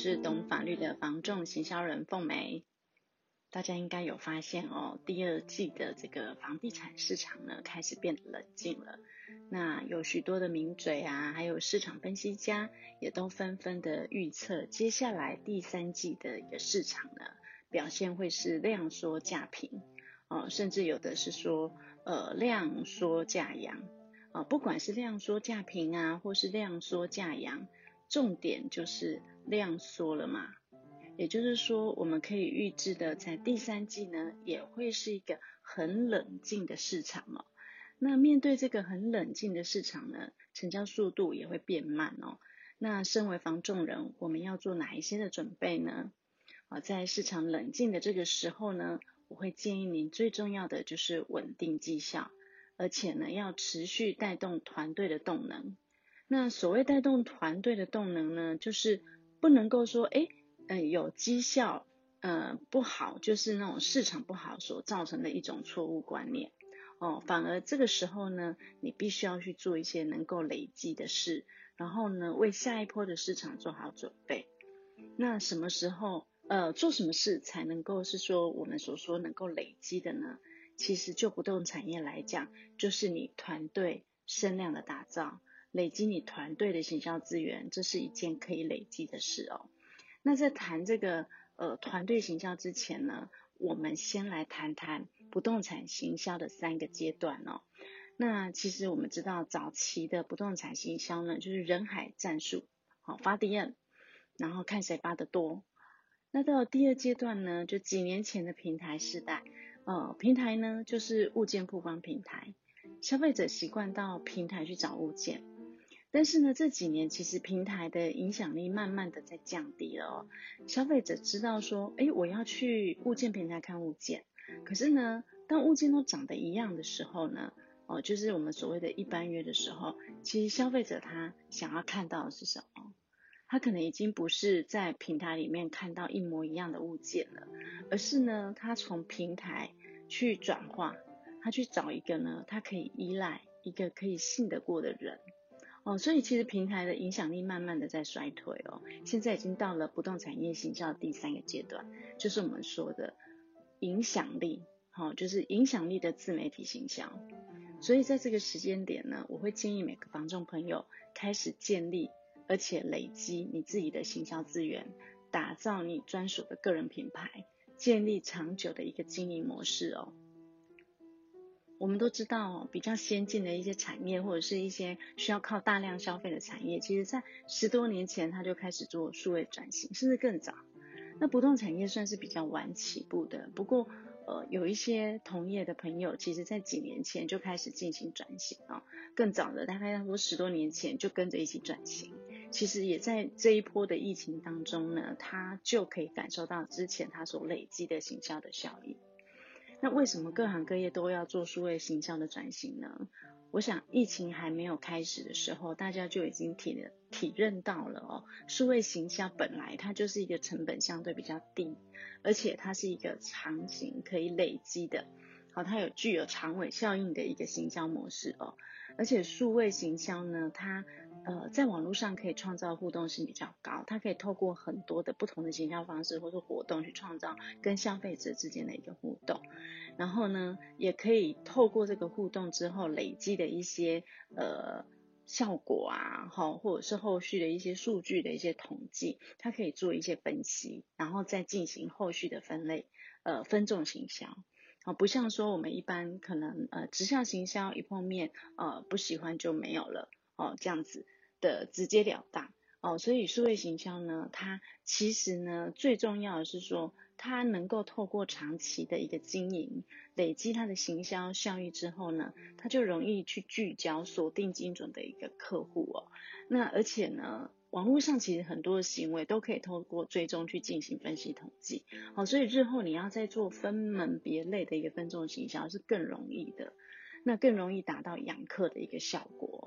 是懂法律的房仲行銷人鳳梅，大家應該有發現哦，第二季的這個房地產市場呢，開始變冷靜了。那有許多的名嘴啊，還有市場分析家，也都紛紛的預測，接下來第三季的一個市場呢，表現會是量縮價平哦，甚至有的是說，呃，量縮價揚哦，不管是量縮價平啊，或是量縮價揚。重點就是量縮了嘛，也就是說，我們可以預知的，在第三季呢，也會是一個很冷靜的市場哦。那面對這個很冷靜的市場呢，成交速度也會變慢哦。那身為房仲人，我們要做哪一些的準備呢？啊，在市場冷靜的這個時候呢，我會建議您最重要的就是穩定績效，而且呢，要持續帶動團隊的動能。那所謂帶動團隊的動能呢，就是不能夠說誒嗯、呃，有績效，呃，不好，就是那種市場不好所造成的一種錯誤觀念哦。反而這個時候呢，你必須要去做一些能夠累積的事，然後呢，為下一波的市場做好準備。那什麼時候，呃，做什麼事才能夠是說我們所說能夠累積的呢？其實就不動產業來講，就是你團隊聲量的打造。累積你團隊的行銷資源，這是一件可以累積的事哦。那在談這個呃團隊行銷之前呢，我們先來談談不動產行銷的三個階段哦。那其實我們知道，早期的不動產行銷呢，就是人海戰術，好，發 DM，然後看誰發得多。那到第二階段呢，就幾年前的平台時代，呃，平台呢就是物件曝光平台，消費者習慣到平台去找物件。但是呢，這幾年其實平台的影響力慢慢的在降低了。哦，消費者知道說，哎，我要去物件平台看物件。可是呢，當物件都長得一樣的時候呢，哦，就是我們所謂的一般約的時候，其實消費者他想要看到的是什麼？他可能已經不是在平台裡面看到一模一樣的物件了，而是呢，他從平台去轉化，他去找一個呢，他可以依賴一個可以信得過的人。哦，所以其實平台的影響力慢慢的在衰退哦，現在已經到了不動產業行銷的第三個階段，就是我們說的影響力，好、哦，就是影響力的自媒體行銷。所以在這個時間點呢，我會建議每個房仲朋友開始建立，而且累積你自己的行銷資源，打造你專屬的個人品牌，建立長久的一個經營模式哦。我們都知道，比較先進的一些產業或者是一些需要靠大量消費的產業，其實在十多年前它就開始做數位轉型，甚至更早。那不動產業算是比較晚起步的，不過呃，有一些同業的朋友，其實在幾年前就開始進行轉型啊，更早的大概差不多十多年前就跟着一起轉型。其實也在這一波的疫情當中呢，他就可以感受到之前他所累積的行銷的效益。那為什麼各行各業都要做數位行銷的轉型呢？我想疫情還沒有開始的時候，大家就已經體體認到了哦。數位行銷本來它就是一個成本相對比較低，而且它是一個長型可以累積的，好，它有具有長尾效應的一個行銷模式哦。而且數位行銷呢，它呃，在網絡上可以創造互動性比較高，它可以透過很多的不同的行銷方式或者活動去創造跟消費者之間的一個互動，然後呢，也可以透過這個互動之後累積的一些呃效果啊，好、哦，或者是後續的一些數據的一些統計，它可以做一些分析，然後再進行後續的分類，呃，分眾行銷，啊、哦，不像說我們一般可能呃直向行銷一碰面，呃，不喜歡就沒有了，哦，這樣子。的直截了當哦，所以數位行銷呢，它其實呢最重要的是說，它能夠透過長期的一個經營，累積它的行銷效益之後呢，它就容易去聚焦、鎖定精準的一個客戶哦。那而且呢，網絡上其實很多的行為都可以透過追蹤去進行分析統計，哦，所以日後你要再做分門別類的一個分眾行銷是更容易的，那更容易達到養客的一個效果。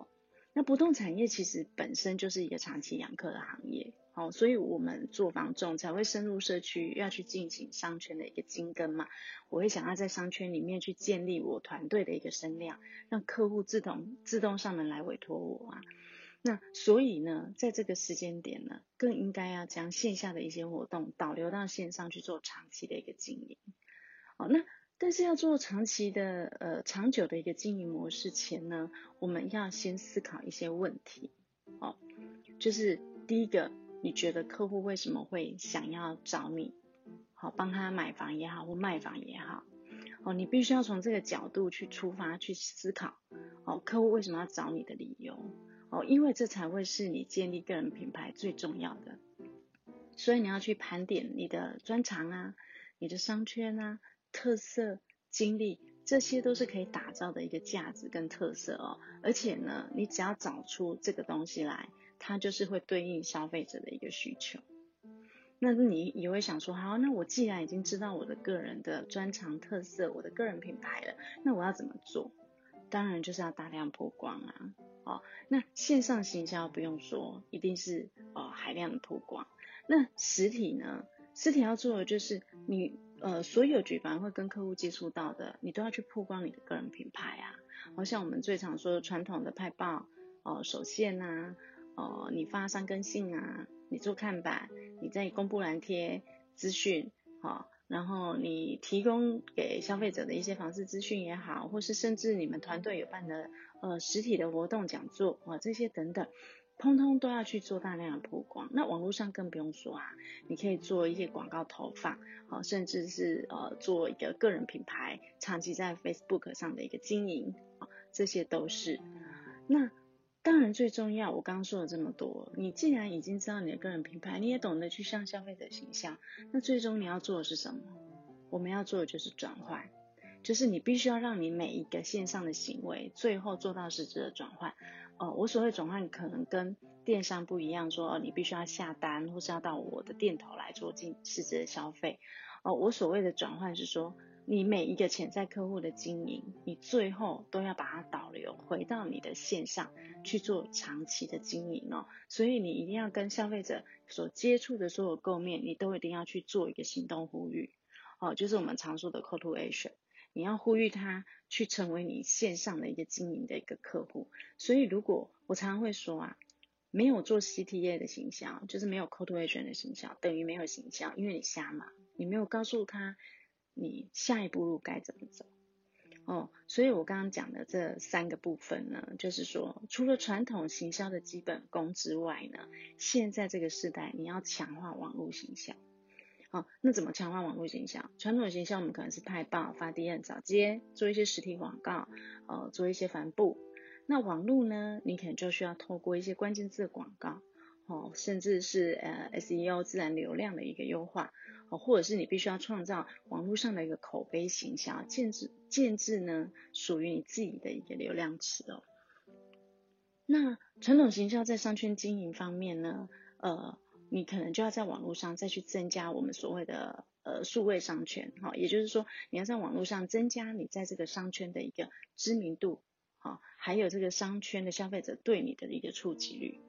那不動產業其實本身就是一個長期養客的行業，哦，所以我們做房仲才會深入社區，要去進行商圈的一個深耕嘛。我會想要在商圈裡面去建立我團隊的一個聲量，讓客戶自動自動上門來委託我啊。那所以呢，在這個時間點呢，更應該要將線下的一些活動導流到線上去做長期的一個經營。好，哦，那。但是要做長期的呃長久的一個經營模式前呢，我們要先思考一些問題，哦，就是第一個，你覺得客戶為什麼會想要找你？好、哦，幫他買房也好，或賣房也好，哦，你必須要從這個角度去出發去思考，哦，客戶為什麼要找你的理由？哦，因為這才會是你建立個人品牌最重要的，所以你要去盤點你的專長啊，你的商圈啊。特色經歷，這些都是可以打造的一個價值跟特色哦。而且呢，你只要找出這個東西來，它就是會對應消費者的一個需求。那你也會想說，好，那我既然已經知道我的個人的專長特色，我的個人品牌了，那我要怎麼做？當然就是要大量曝光啊！哦，那線上行銷不用說，一定是哦海量的曝光。那實體呢？實體要做的就是你。呃，所有舉凡會跟客戶接觸到的，你都要去曝光你的個人品牌啊。好像我們最常說傳統的派報，哦、呃、手線吶、啊，哦、呃、你發三根信啊，你做看板，你在公布欄貼資訊，然後你提供給消費者的一些房事資訊也好，或是甚至你們團隊有辦的呃實體的活動講座啊，這些等等。通通都要去做大量的曝光，那網絡上更不用說啊！你可以做一些廣告投放，甚至是呃，做一個個人品牌長期在 Facebook 上的一個經營，這些都是。那當然最重要，我剛剛說了這麼多，你既然已經知道你的個人品牌，你也懂得去向消費者形象，那最終你要做的是什麼？我們要做的就是轉換，就是你必須要讓你每一個線上的行為，最後做到實質的轉換。哦，我所謂轉換可能跟電商不一樣，說你必須要下單，或是要到我的店頭來做進實質的消費。哦，我所謂的轉換是說，你每一個潛在客戶的經營，你最後都要把它導流回到你的線上去做長期的經營哦。所以你一定要跟消費者所接觸的所有購面，你都一定要去做一個行動呼籲，哦，就是我們常說的 call to action。你要呼籲他去成為你線上的一個經營的一個客戶，所以如果我常常會說啊，沒有做 CTA 的行銷，就是沒有 call to action 的行銷，等於沒有行銷，因為你瞎嘛，你沒有告訴他你下一步路該怎麼走。哦，所以我剛剛講的這三個部分呢，就是說除了傳統行銷的基本功之外呢，現在這個時代你要強化網絡行銷。好、哦，那怎麼強化網絡行銷傳統行銷我們可能是派報、發 DM、找街，做一些實體廣告，呃，做一些帆布。那網絡呢，你可能就需要透過一些關鍵字的廣告，哦，甚至是呃 SEO 自然流量的一個優化，哦，或者是你必須要創造網絡上的一個口碑形象，建置建置呢屬於你自己的一個流量池哦。那傳統行銷在商圈經營方面呢，呃。你可能就要在網絡上再去增加我們所謂的呃數位商圈，哈、哦，也就是說你要在網絡上增加你在這個商圈的一個知名度，啊、哦，還有這個商圈的消費者對你的一個觸及率，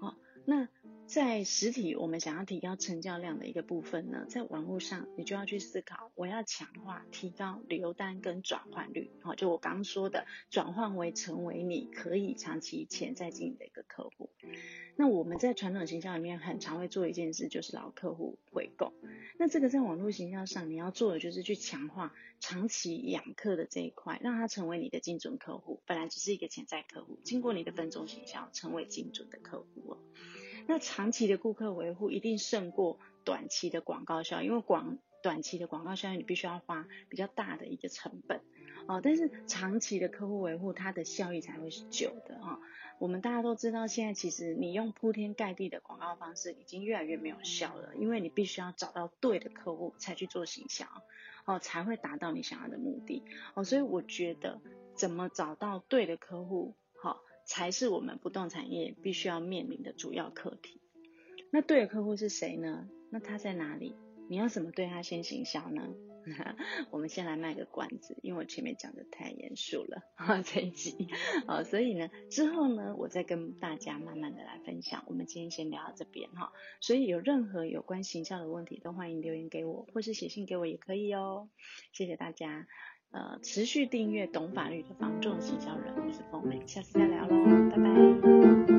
啊、哦，那。在實體，我們想要提高成交量的一個部分呢，在網絡上，你就要去思考，我要強化、提高留單跟轉換率，好，就我剛剛說的，轉換為成為你可以長期潛在經營的一個客戶。那我們在傳統行銷裡面很常會做一件事，就是老客戶回購。那這個在網絡行銷上，你要做的就是去強化長期養客的這一塊，讓他成為你的精準客戶。本來只是一個潛在客戶，經過你的分眾行銷，成為精準的客戶哦。那長期的顧客維護一定勝過短期的廣告效益，因為廣短期的廣告效益你必須要花比較大的一個成本，哦，但是長期的客戶維護它的效益才會是久的啊、哦。我們大家都知道，現在其實你用鋪天蓋地的廣告方式已經越來越沒有效了，因為你必須要找到對的客戶才去做行銷哦，才會達到你想要的目的，哦，所以我覺得怎麼找到對的客戶。才是我們不動產業必須要面臨的主要課題。那對的客戶是誰呢？那他在哪裡？你要怎麼對他先行銷呢？ 我們先來賣個關子，因為我前面講的太嚴肅了，這一集。好，所以呢，之後呢，我再跟大家慢慢的來分享。我們今天先聊到這邊哈，所以有任何有關行銷的問題，都歡迎留言給我，或是寫信給我也可以哦。謝謝大家。呃，持續訂閱懂法律的房仲行銷人，我是鳳美，下次再聊嘍，拜拜。